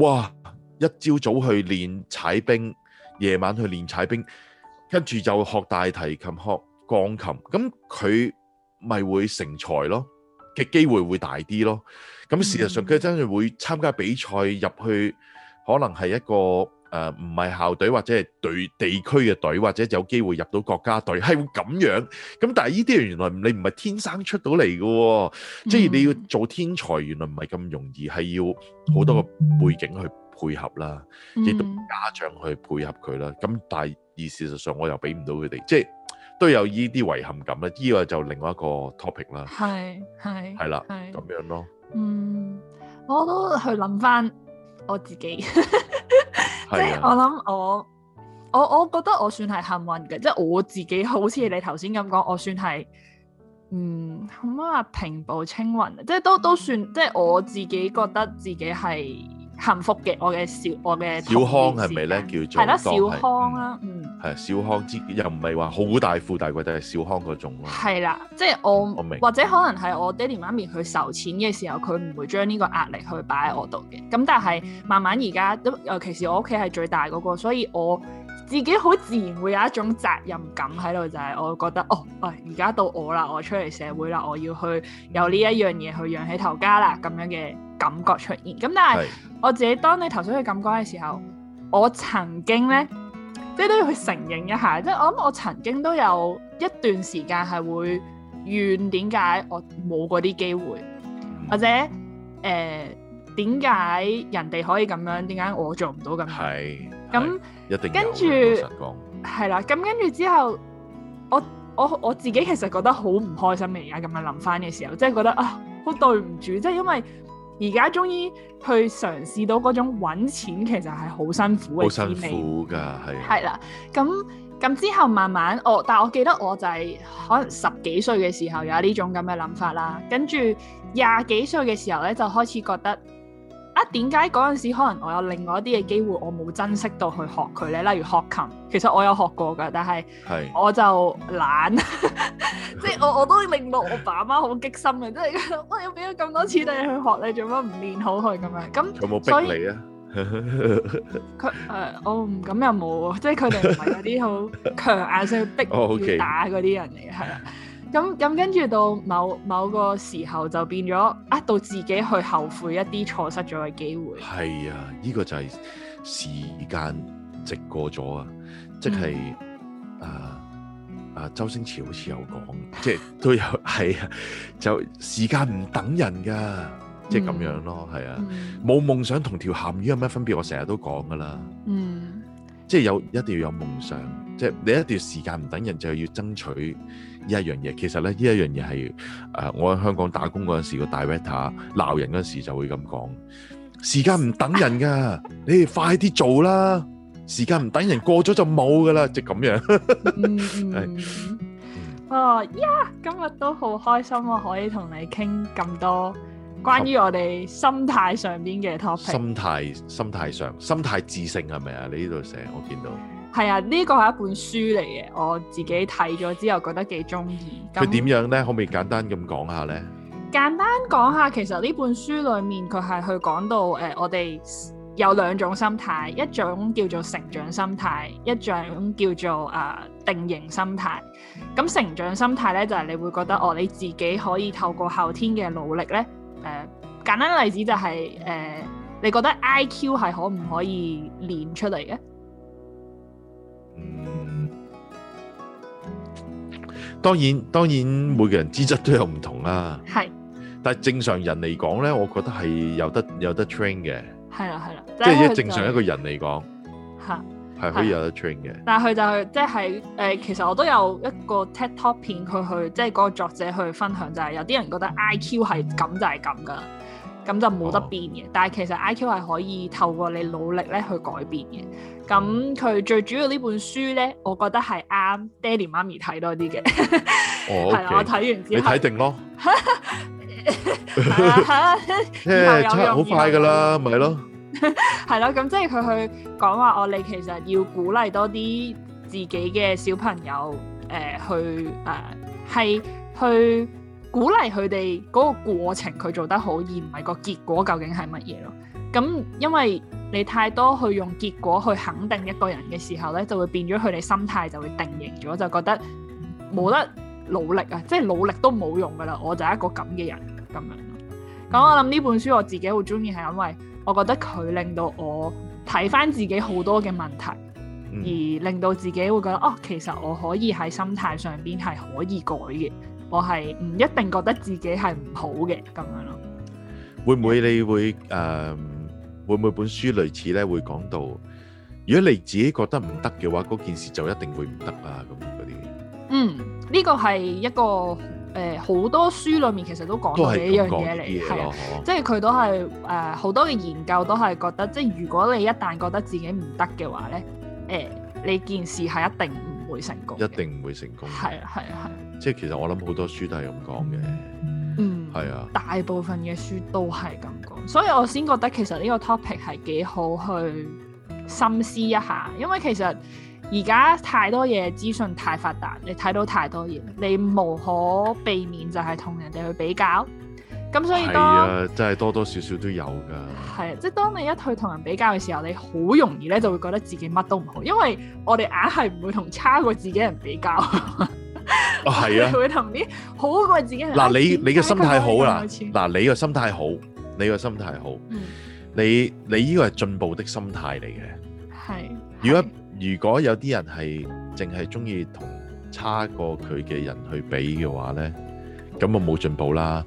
哇，一朝早去練踩冰，夜晚去練踩冰，跟住就學大提琴學，鋼琴，咁佢咪會成才咯，嘅機會會大啲咯，咁事實上佢真係會參加比賽入去，可能係一個誒唔係校隊或者係隊地區嘅隊，或者有機會入到國家隊係會咁樣。咁但係呢啲人原來你唔係天生出到嚟嘅，嗯、即係你要做天才原來唔係咁容易，係要好多個背景去配合啦，亦都、嗯、家長去配合佢啦。咁但係而事實上我又俾唔到佢哋即係。都有依啲遺憾感啦，呢個就另外一個 topic 啦。係係係啦，咁樣咯。嗯，我都去諗翻我自己，即 係我諗我我我覺得我算係幸運嘅，即係我自己好似你頭先咁講，我算係嗯咁啊平步青雲，即係都，嗯，都算，即係我自己覺得自己係。幸福嘅，我嘅小我嘅小康係咪咧？叫做係啦，小康啦，嗯。係小康之，又唔係話好大富大貴，都係小康嗰種咯。係啦，即係我，我明或者可能係我爹哋媽咪佢籌錢嘅時候，佢唔會將呢個壓力去擺喺我度嘅。咁但係慢慢而家，咁尤其是我屋企係最大嗰個，所以我自己好自然會有一種責任感喺度，就係、是、我覺得哦，喂、哎，而家到我啦，我出嚟社會啦，我要去有呢一樣嘢去養起頭家啦，咁樣嘅。感覺出現咁，但係是我自己當你頭先去感覺嘅時候，我曾經呢，即係都要去承認一下，即係我諗我曾經都有一段時間係會怨點解我冇嗰啲機會，或者誒點解人哋可以咁樣，點解我做唔到咁樣？係咁是，那跟住係啦。咁跟住之後，我我我自己其實覺得好唔開心嘅。而家咁樣諗翻嘅時候，即係覺得啊，好對唔住，即係因為。而家終於去嘗試到嗰種揾錢，其實係好辛苦嘅滋味。好辛苦㗎，係。係啦，咁咁之後慢慢我、哦，但我記得我就係可能十幾歲嘅時候有呢種咁嘅諗法啦，跟住廿幾歲嘅時候咧就開始覺得。啊，點解嗰陣時可能我有另外一啲嘅機會，我冇珍惜到去學佢咧？例如學琴，其實我有學過噶，但係我就懶，即係我我都令到我爸媽好激心嘅，即係喂，我俾咗咁多錢你去學，你做乜唔練好佢咁樣？咁有冇逼你啊？佢，誒，我唔敢又冇喎，即係佢哋唔係有啲好強硬性逼要打嗰啲人嚟嘅，係啦。咁咁跟住到某某個時候就變咗啊！到自己去後悔一啲錯失咗嘅機會。係啊，呢、呢個就係時間直過咗、嗯、啊！即係啊啊，周星馳好似有講，即係都有係啊，就時間唔等人噶，即係咁樣咯，係啊，冇、嗯、夢想同條鹹魚有咩分別我？我成日都講噶啦，嗯，即係有一定要有夢想，即係你一定要時間唔等人就要爭取。呢一樣嘢，其實咧，呢一樣嘢係誒，我喺香港打工嗰陣時個 director 鬧人嗰陣時就會咁講，時間唔等人㗎，你哋快啲做啦，時間唔等人過咗就冇㗎啦，就咁樣。哦呀，今日都好開心啊，我可以同你傾咁多關於我哋心態上邊嘅 topic。心態，心態上，心態自信係咪啊？你呢度寫，我見到。係啊，呢個係一本書嚟嘅，我自己睇咗之後覺得幾中意。佢點樣呢？可唔可以簡單咁講下呢？簡單講下，其實呢本書裏面佢係去講到誒、呃，我哋有兩種心態，一種叫做成長心態，一種叫做誒、呃、定型心態。咁成長心態呢，就係、是、你會覺得哦、呃，你自己可以透過後天嘅努力呢。呃、誒，簡單例子就係、是、誒、呃，你覺得 IQ 係可唔可以練出嚟嘅？當然當然，當然每個人資質都有唔同啦、啊。係是，但係正常人嚟講咧，我覺得係有得有得 train 嘅。係啦係啦，即係一正常一個人嚟講，嚇係的可以有得 train 嘅。但係佢就即係誒，其實我都有一個 TED Talk 片，佢去即係嗰個作者去分享，就係、是、有啲人覺得 IQ 係咁就係咁㗎。咁就冇得變嘅，哦、但係其實 IQ 係可以透過你努力咧去改變嘅。咁佢最主要呢本書咧，我覺得係啱爹哋媽咪睇多啲嘅。 哦，係、okay，啦，我睇完之後，你睇定咯。即係好快噶啦，咪、就、咯、是。係咯， 咁即係佢去講話，我哋其實要鼓勵多啲自己嘅小朋友，誒去誒係去。啊鼓勵佢哋嗰個過程佢做得好，而唔係個結果究竟係乜嘢咯？咁因為你太多去用結果去肯定一個人嘅時候咧，就會變咗佢哋心態就會定型咗，就覺得冇得努力啊！即係努力都冇用噶啦，我就係一個咁嘅人咁樣咯。咁我諗呢本書我自己會中意，係因為我覺得佢令到我睇翻自己好多嘅問題，嗯、而令到自己會覺得哦，其實我可以喺心態上邊係可以改嘅。我係唔一定覺得自己係唔好嘅咁樣咯。會唔會你會誒、呃，會唔會本書類似咧會講到，如果你自己覺得唔得嘅話，嗰件事就一定會唔得啊咁嗰啲。嗯，呢、呢個係一個誒好、呃、多書裡面其實都講呢樣嘢嚟，係啊，即係佢都係誒好多嘅研究都係覺得，即係如果你一旦覺得自己唔得嘅話咧，誒、呃、你件事係一定，唔。一定唔會成功。係啊，係啊，係啊。即係其實我諗好多書都係咁講嘅。嗯，係啊。大部分嘅書都係咁講，所以我先覺得其實呢個 topic 係幾好去深思一下。因為其實而家太多嘢，資訊太發達，你睇到太多嘢，你無可避免就係同人哋去比較。咁所以係啊，真係多多少少都有噶。係啊，即係當你一去同人比較嘅時候，你好容易咧就會覺得自己乜都唔好，因為我哋硬係唔會同差過自己人比較。啊，係啊，會同啲好過自己人。嗱，你你嘅心態好啦。嗱，你個心態好，你個心態好。嗯。你你呢個係進步的心態嚟嘅。係。如果如果有啲人係淨係中意同差過佢嘅人去比嘅話咧，咁我冇進步啦。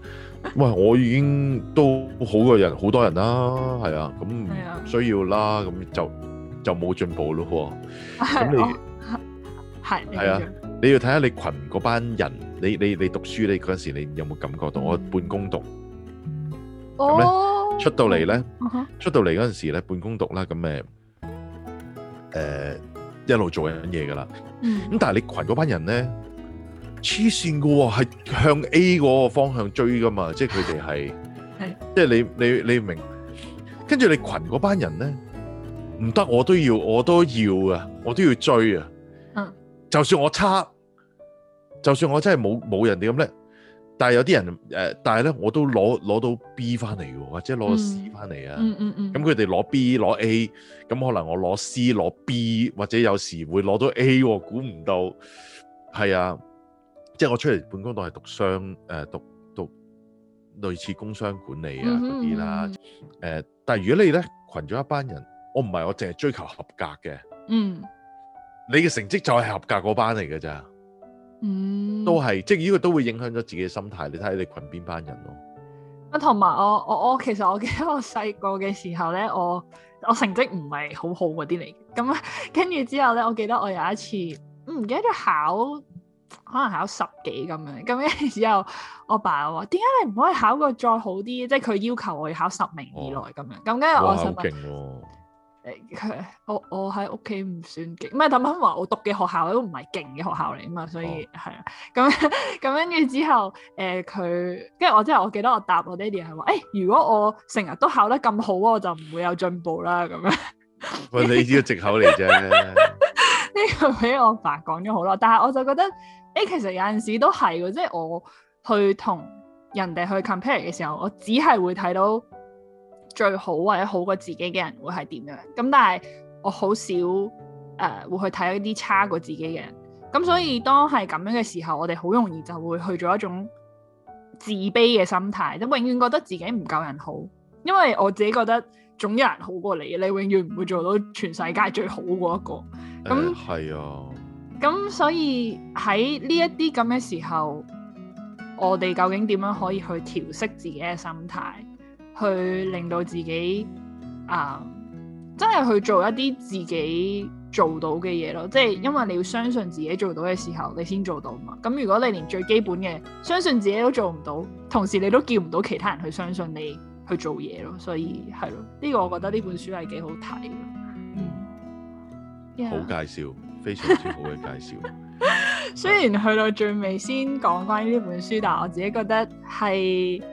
喂，我已經都好嘅人，好多人啦，係啊，咁唔需要啦，咁、啊、就就冇進步咯。咁你係係啊，你要睇下你群嗰班人，你你你讀書你嗰陣時，你有冇感覺到、嗯、我半工讀？咁咧、哦、出到嚟咧，嗯、出到嚟嗰陣時咧，半工讀啦，咁誒誒一路做緊嘢噶啦。嗯，咁但係你群嗰班人咧。黐線㗎喎，係向 A 嗰個方向追㗎嘛，即係佢哋係， 即係你你你明。跟住你群嗰班人咧，唔得我都要，我都要啊，我都要追啊。就算我差，就算我真係冇冇人哋咁叻，但係有啲人誒、呃，但係咧我都攞攞到 B 翻嚟喎，或者攞到 C 翻嚟啊。嗯嗯嗯。咁佢哋攞 B 攞 A，咁可能我攞 C 攞 B，或者有時會攞到 A 喎，估唔到。係啊。即係我出嚟本工學係讀商誒、呃，讀讀，讀類似工商管理啊嗰啲、mm hmm. 啦。誒、呃，但係如果你咧群咗一班人，我唔係我淨係追求合格嘅。嗯、mm。Hmm. 你嘅成績就係合格嗰班嚟㗎咋？嗯、mm。Hmm. 都係，即係呢個都會影響咗自己嘅心態。你睇下你群邊班人咯。咁同埋我我我其實我記得我細個嘅時候咧，我我成績唔係好好嗰啲嚟。咁跟住之後咧，我記得我有一次唔記得咗考。可能考十幾咁樣，咁跟住之後，我爸話：點解你唔可以考個再好啲？即係佢要求我要考十名以內咁樣。咁跟住我，我我喺屋企唔算勁，唔係，但係媽咪話我讀嘅學校都唔係勁嘅學校嚟啊嘛，所以係、哦、啊。咁咁跟住之後，誒佢，跟住我之後，後呃、後我，後我記得我答我爹哋係話：誒、哎，如果我成日都考得咁好，我就唔會有進步啦。咁樣，喂你呢啲嘅藉口嚟啫。呢 個俾我爸講咗好多，但係我就覺得。誒，其實有陣時都係嘅，即係我去同人哋去 compare 嘅時候，我只係會睇到最好或者好過自己嘅人會係點樣。咁但係我好少誒會去睇一啲差過自己嘅人。咁所以當係咁樣嘅時候，我哋好容易就會去做一種自卑嘅心態，即永遠覺得自己唔夠人好。因為我自己覺得總有人好過你，你永遠唔會做到全世界最好嗰一個。咁係啊。咁所以喺呢一啲咁嘅時候，我哋究竟點樣可以去調適自己嘅心態，去令到自己啊、呃，真係去做一啲自己做到嘅嘢咯？即係因為你要相信自己做到嘅時候，你先做到嘛。咁如果你連最基本嘅相信自己都做唔到，同時你都叫唔到其他人去相信你去做嘢咯。所以係咯，呢、呢個我覺得呢本書係幾好睇。嗯，yeah。好介紹。 非常之好嘅介紹。 雖然去到最尾先講關於呢本書，但係我自己覺得係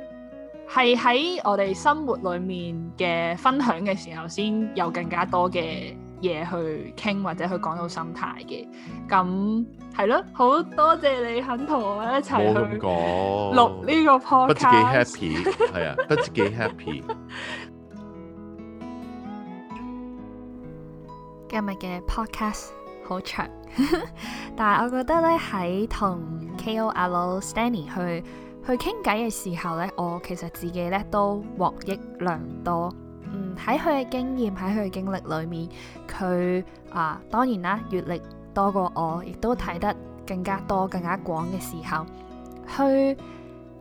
係喺我哋生活裡面嘅分享嘅時候，先有更加多嘅嘢去傾，或者去講到心態嘅。咁係咯，好多謝你肯同我一齊去錄呢個 podcast。幾 happy 係啊， 唔知幾 happy 今日嘅 podcast。好很長， 但係我覺得咧，喺同 KO 阿佬-史丹尼去去傾偈嘅時候咧，我其實自己咧都獲益良多。嗯，喺佢嘅經驗，喺佢嘅經歷裏面，佢啊，當然啦，閱歷多過我，亦都睇得更加多、更加廣嘅時候，去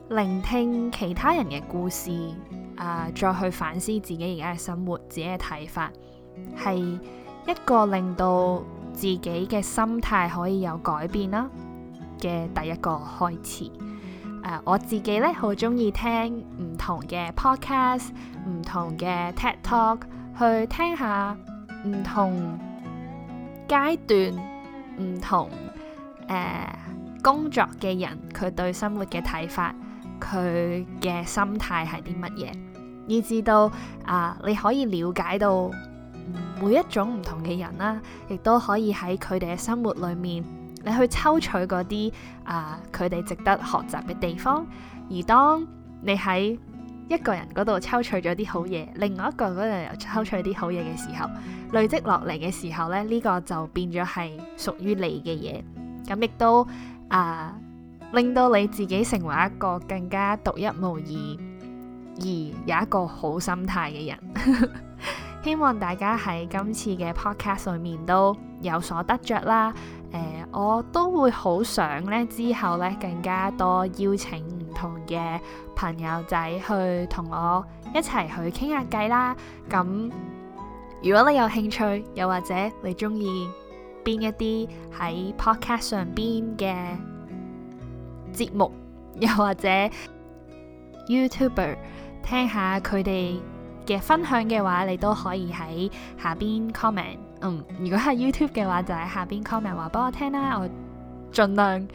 聆聽其他人嘅故事啊，再去反思自己而家嘅生活、自己嘅睇法，係一個令到，自己嘅心態可以有改變啦嘅第一個開始。誒、呃，我自己咧好中意聽唔同嘅 podcast、唔同嘅 TED Talk，去聽下唔同階段、唔同誒、呃、工作嘅人佢對生活嘅睇法，佢嘅心態係啲乜嘢，以至到啊、呃、你可以了解到。每一種唔同嘅人啦，亦都可以喺佢哋嘅生活裏面，你去抽取嗰啲啊，佢哋值得學習嘅地方。而當你喺一個人嗰度抽取咗啲好嘢，另外一個嗰度又抽取啲好嘢嘅時候，累積落嚟嘅時候咧，呢個就變咗係屬於你嘅嘢。咁亦都啊、呃，令到你自己成為一個更加獨一無二而有一個好心態嘅人。 希望大家喺今次嘅 podcast 上面都有所得着啦。呃，我都會好想呢，之後呢更加多邀請唔同嘅朋友仔去同我一齊去傾下偈啦。咁如果你有興趣，又或者你中意邊一啲喺 podcast 上邊嘅節目，又或者 YouTuber，聽下佢哋。嘅分享嘅話，你都可以喺下邊 comment。嗯，如果係 YouTube 嘅話，就喺下邊 comment 話俾我聽啦，我盡量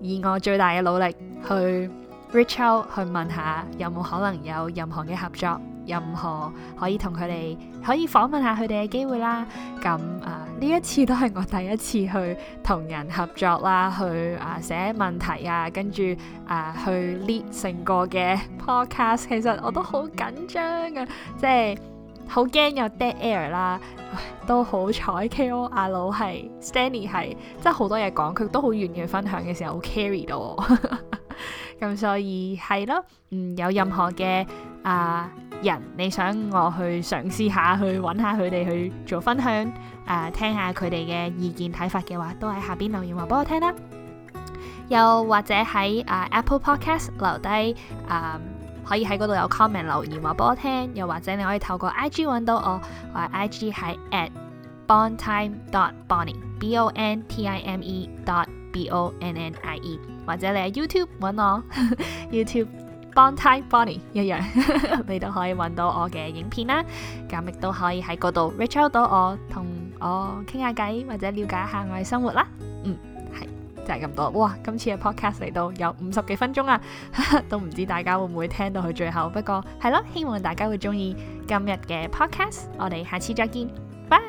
以我最大嘅努力去。Rachel 去問下有冇可能有任何嘅合作，任何可以同佢哋可以訪問下佢哋嘅機會啦。咁啊，呢、呃、一次都係我第一次去同人合作啦，去啊寫、呃、問題啊，跟住啊去 lead 成個嘅 podcast。其實我都好緊張噶、啊，即係好驚有 dead air 啦。都好彩，KO 阿佬係 Stanley 係，真係好多嘢講，佢都好願意分享嘅時候，好 carry 到我。 咁所以係咯，嗯，有任何嘅啊人，你想我去嘗試下去揾下佢哋去做分享，誒、啊、聽下佢哋嘅意見睇法嘅話，都喺下邊留言話俾我聽啦。又或者喺啊 Apple Podcast 留低，誒、嗯、可以喺嗰度有 comment 留言話俾我聽。又或者你可以透過 IG 揾到我，我係 IG 係 at bon time dot bonnie b o n t i m e dot B O N N I E，或者你喺 YouTube 揾我，YouTube Bontime Bonnie 一樣，你都可以揾到我嘅影片啦。咁亦都可以喺嗰度 reach out 到我，同我傾下偈，或者了解一下我嘅生活啦。嗯，係就係咁多。哇，今次嘅 podcast 嚟到有五十幾分鐘啊，都唔知大家會唔會聽到佢最後。不過係咯，希望大家會中意今日嘅 podcast。我哋下次再見，拜。